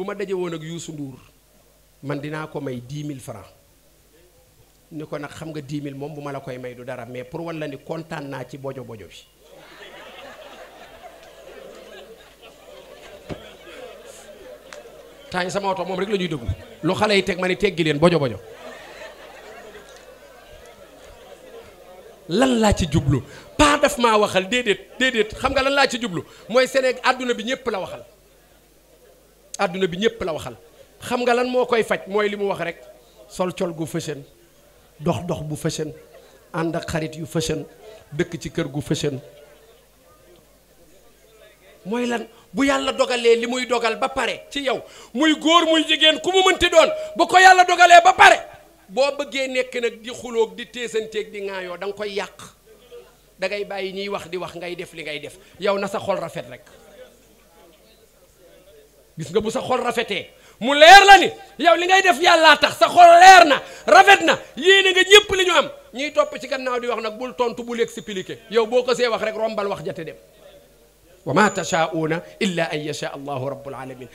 bu ma daje woon ak yuusu Ndour man dinaa ko may 10 000 francs ni ko nag xam nga 10 000 moom bu ma la koy may du dara mais pour walla ni kontaan naa ci bojo bojo bi taañ sama oto moom rek la ñuy déglu lu xale yi teg ma ni teggi leen bojo bojo lan laa ci jublu pas daf maa waxal déedéet déedéet xam nga lan laa ci jublu mooy Sénégal àdduna bi ñépp la waxal àdduna bi ñëpp la waxal xam nga lan moo koy faj mooy li mu wax rek sol col gu fësën dox dox bu fësën ànd ak xarit yu fësën dëkk ci kër gu fësën mooy lan bu yàlla dogalee li muy dogal ba pare ci yow muy góor muy jigéen ku mu mënti doon bu ko yàlla dogalee ba pare boo bëggee nekk nag di xuloog di teesanteeg di ŋaayoo danga koy yàq dangay bàyyi ñiy wax di wax ngay def li ngay def yow na sa xol rafet rekk gis nga bu sa xol rafeté mu leer la ni yow li ngay def yalla tax sa xol leer na rafet na yene nga ñëpp li ñu am ñi top ci gannaaw di wax nak bul tontu bul expliquer yow boko sé wax rek rombal wax jatte dem wa ma tashaa'uuna illa an yasha allahu rabbul alamin